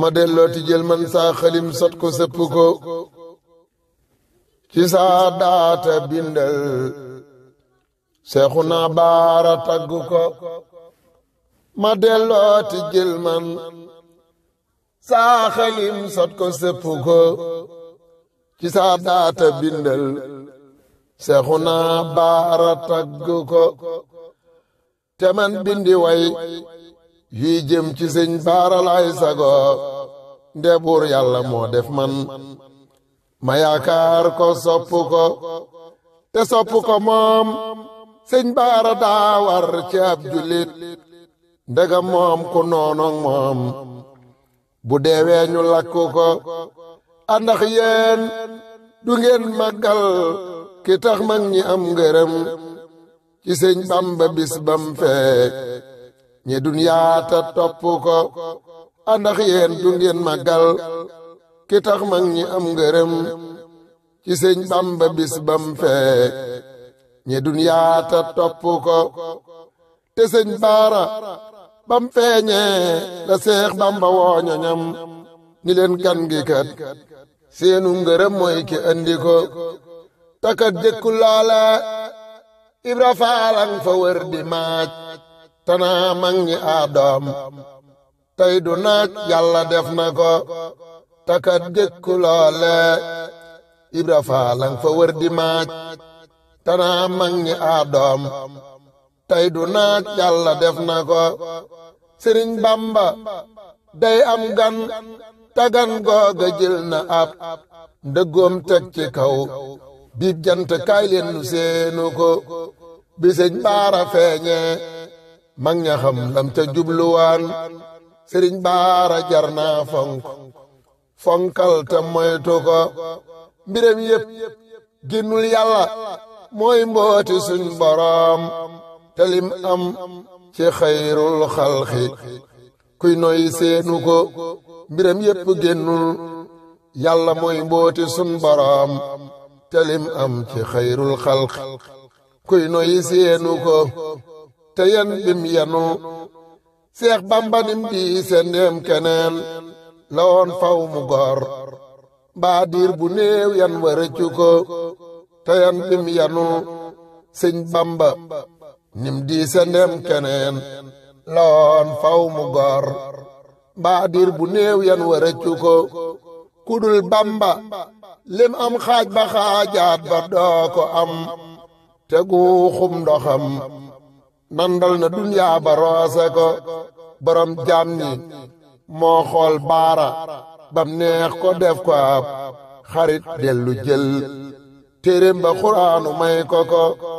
ma delloo jël man saa xalim sot ko sëpp ko ci saa daata bindal seexu naa baara tagg ko ma dellooti jël man saa xalim sot ko sëpp ko ci saa daata bindal seexu naa baara tagg ko te man bindi way yuy jëm ci sëñ baaralaay sago ndebuur yàlla moo def man ma yaakaar ko sopp ko te sopp ko moom sëñ baara daa war ci ab julit moom ku noonog moom bu deewee ñu ko andax yéen du ngeen màggal ki tax mag ñi am ngërëm ci sëñ bamba bis bam fee ñe dunyaa ta top ko andax yeen du ngeen ki tax mag ñi am ngërëm ci bamba bis bam fe ñe dunyaa ta top ko te señ bara bam la bamba wo ñoñam ni len kan gi kat seenu um ngërëm moy ki andi ko takat jekulala ibra faalang fa wër di maaj tanaa mag ñi aadoom tey du naaj yàlla def na ko takat gëkku loole ibra faalang fa wër di maaj tanaa mag ñi aadoom tey du naaj yàlla def na ko sëriñ bamba day am gan tagan googa na ab ndëggoom teg ci kaw biib jant kaay nu seenu ko bi baara feeñee mag ña xam lam ca jubluwaan sëriñ baara jar naa fonk fonkal te moytu yépp génnul yàlla mooy mbooti suñ boroom te am ci xayrul xalxi kuy noy seenu ko yépp génnul yàlla mooy mbooti suñ boroom te am ci xayrul xalxi kuy noy seenu te yen bim yenu seex bambanim di se ndéem keneen la woon faw mu gor mbaa diir bu néew yan wa rëccu te yan bim yanu sëñ bamba nim di se keneen la woon faw mu gor mbaa diir bu néew yan wa rëccu kudul bamba lim am xaaj ba xaajaat ba doo am te guuxum ndoxam nandal na duniyaa ba ko borom jaam ñi baara bam neex ko def ko ab xarit dellu jël téeréem xuraanu may ko ko